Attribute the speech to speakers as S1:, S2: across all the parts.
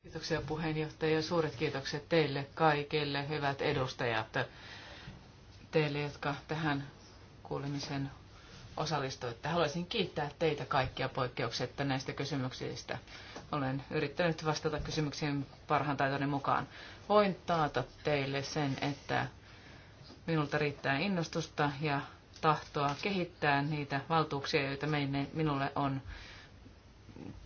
S1: Kiitoksia puheenjohtaja. Suuret kiitokset teille kaikille, hyvät edustajat, teille, jotka tähän kuulemisen osallistuitte. Haluaisin kiittää teitä kaikkia poikkeuksetta näistä kysymyksistä. Olen yrittänyt vastata kysymyksiin parhaan taitoni mukaan. Voin taata teille sen, että minulta riittää innostusta ja tahtoa kehittää niitä valtuuksia, joita minulle on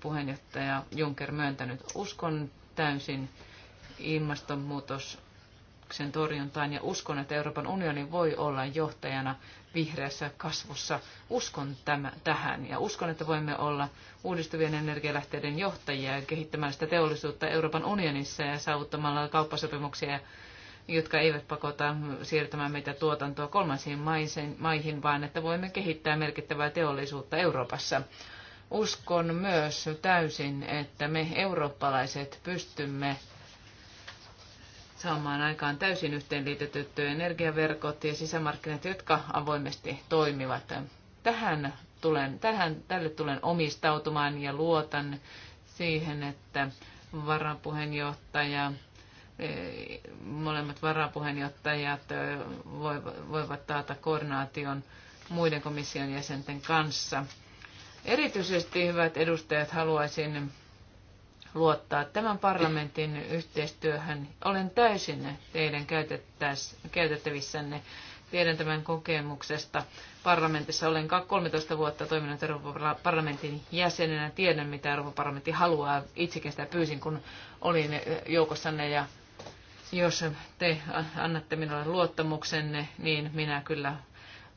S1: puheenjohtaja Juncker myöntänyt. Uskon täysin ilmastonmuutoksen torjuntaan ja uskon, että Euroopan unioni voi olla johtajana vihreässä kasvussa. Uskon tämä, tähän ja uskon, että voimme olla uudistuvien energialähteiden johtajia kehittämällä sitä teollisuutta Euroopan unionissa ja saavuttamalla kauppasopimuksia, jotka eivät pakota siirtämään meitä tuotantoa kolmansiin maihin, vaan että voimme kehittää merkittävää teollisuutta Euroopassa. Uskon myös täysin, että me eurooppalaiset pystymme saamaan aikaan täysin yhteenliitetyt energiaverkot ja sisämarkkinat, jotka avoimesti toimivat. Tähän tulen, tähän, tälle tulen omistautumaan ja luotan siihen, että varapuheenjohtaja, e, molemmat varapuheenjohtajat e, voivat taata koordinaation muiden komission jäsenten kanssa. Erityisesti, hyvät edustajat, haluaisin luottaa tämän parlamentin yhteistyöhön. Olen täysin teidän käytettävissänne. Tiedän tämän kokemuksesta. Parlamentissa olen 13 vuotta toiminut Euroopan parlamentin jäsenenä. Tiedän, mitä Euroopan parlamentti haluaa. Itsekin sitä pyysin, kun olin joukossanne. Ja jos te annatte minulle luottamuksenne, niin minä kyllä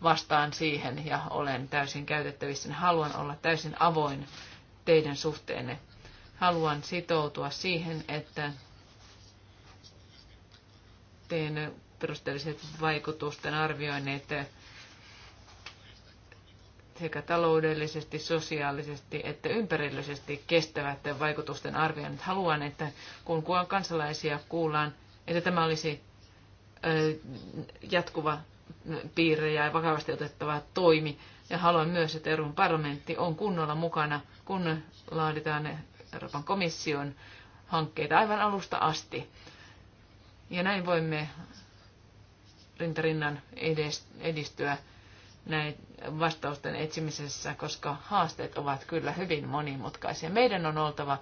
S1: vastaan siihen ja olen täysin käytettävissä. Niin haluan olla täysin avoin teidän suhteenne. Haluan sitoutua siihen, että teen perusteelliset vaikutusten arvioinnit sekä taloudellisesti, sosiaalisesti että ympärillisesti kestävät vaikutusten arvioinnit. Haluan, että kun kansalaisia kuullaan, että tämä olisi jatkuva piirrejä ja vakavasti otettava toimi. Ja haluan myös, että Euroopan parlamentti on kunnolla mukana, kun laaditaan Euroopan komission hankkeita aivan alusta asti. Ja näin voimme rintarinnan edistyä näin vastausten etsimisessä, koska haasteet ovat kyllä hyvin monimutkaisia. Meidän on oltava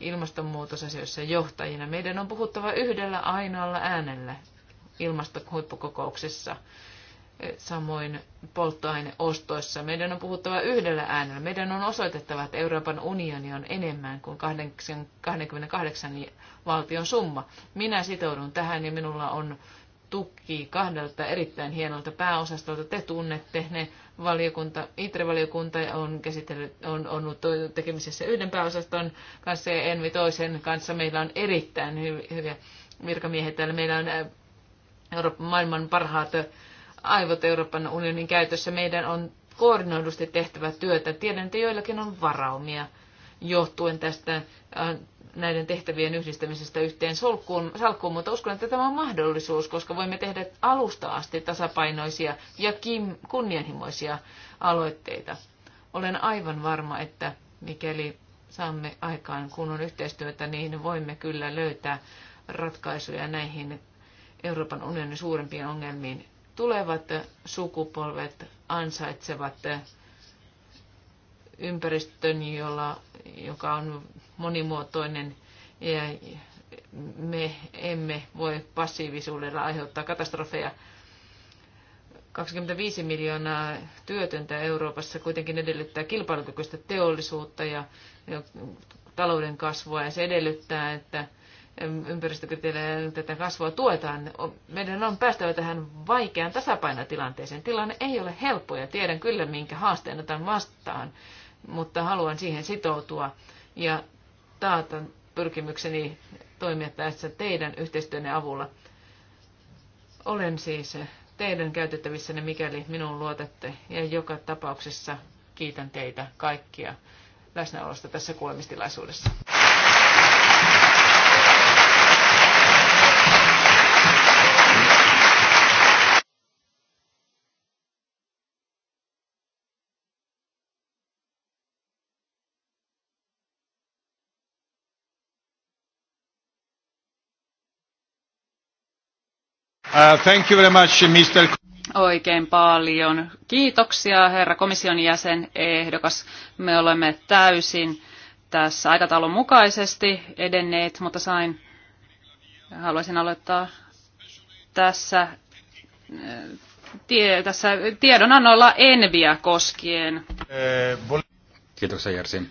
S1: ilmastonmuutosasioissa johtajina. Meidän on puhuttava yhdellä ainoalla äänellä ilmastohuippukokouksessa, e, samoin polttoaineostoissa. Meidän on puhuttava yhdellä äänellä. Meidän on osoitettava, että Euroopan unioni on enemmän kuin 28 valtion summa. Minä sitoudun tähän ja minulla on tuki kahdelta erittäin hienolta pääosastolta. Te tunnette ne valiokunta, ITRE-valiokunta on, käsitellyt, on, on ollut tekemisessä yhden pääosaston kanssa ja Envi toisen kanssa. Meillä on erittäin hyviä virkamiehet täällä. Meillä on Euroopan maailman parhaat aivot Euroopan unionin käytössä. Meidän on koordinoidusti tehtävä työtä. Tiedän, että joillakin on varaumia johtuen tästä äh, näiden tehtävien yhdistämisestä yhteen solkkuun, salkkuun, mutta uskon, että tämä on mahdollisuus, koska voimme tehdä alusta asti tasapainoisia ja kunnianhimoisia aloitteita. Olen aivan varma, että mikäli saamme aikaan kunnon yhteistyötä, niin voimme kyllä löytää ratkaisuja näihin Euroopan unionin suurimpiin ongelmiin. Tulevat sukupolvet ansaitsevat ympäristön, jolla, joka on monimuotoinen ja me emme voi passiivisuudella aiheuttaa katastrofeja. 25 miljoonaa työtöntä Euroopassa kuitenkin edellyttää kilpailukykyistä teollisuutta ja talouden kasvua ja se edellyttää, että ympäristökriteereillä tätä kasvua tuetaan. Meidän on päästävä tähän vaikeaan tasapainotilanteeseen. Tilanne ei ole helppo ja tiedän kyllä, minkä haasteen otan vastaan, mutta haluan siihen sitoutua ja taata pyrkimykseni toimia tässä teidän yhteistyönne avulla. Olen siis teidän käytettävissänne, mikäli minun luotatte, ja joka tapauksessa kiitän teitä kaikkia läsnäolosta tässä kuulemistilaisuudessa.
S2: Uh, thank you very
S1: much, Mr.
S2: Oikein paljon. Kiitoksia, herra komission jäsen ehdokas. Me olemme täysin tässä aikataulun mukaisesti edenneet, mutta sain, haluaisin aloittaa tässä, eh, tie, tässä tiedonannolla Enviä koskien.
S3: Kiitoksia Jersi.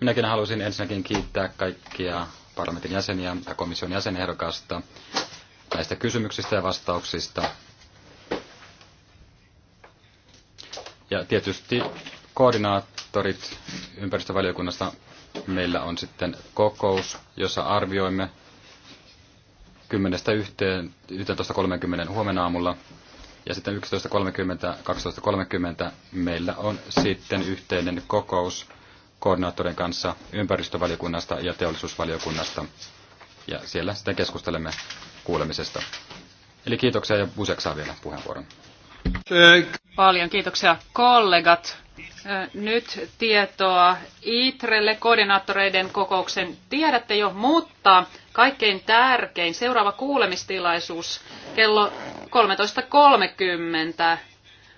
S3: Minäkin halusin ensinnäkin kiittää kaikkia parlamentin jäseniä ja komission jäsenehdokasta näistä kysymyksistä ja vastauksista. Ja tietysti koordinaattorit ympäristövaliokunnasta meillä on sitten kokous, jossa arvioimme 10.11.30 huomenna aamulla. Ja sitten 11.30-12.30 meillä on sitten yhteinen kokous koordinaattorin kanssa ympäristövaliokunnasta ja teollisuusvaliokunnasta ja siellä sitten keskustelemme kuulemisesta. Eli kiitoksia ja Busek saa vielä puheenvuoron.
S2: Paljon kiitoksia kollegat. Nyt tietoa ITRElle koordinaattoreiden kokouksen tiedätte jo, mutta kaikkein tärkein seuraava kuulemistilaisuus kello 13.30.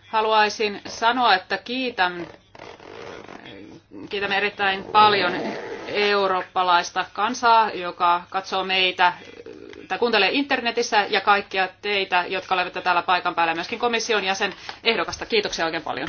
S2: Haluaisin sanoa, että kiitän, kiitämme erittäin paljon eurooppalaista kansaa, joka katsoo meitä tai kuuntelee internetissä ja kaikkia teitä, jotka olette täällä paikan päällä, myöskin komission jäsen ehdokasta. Kiitoksia oikein paljon.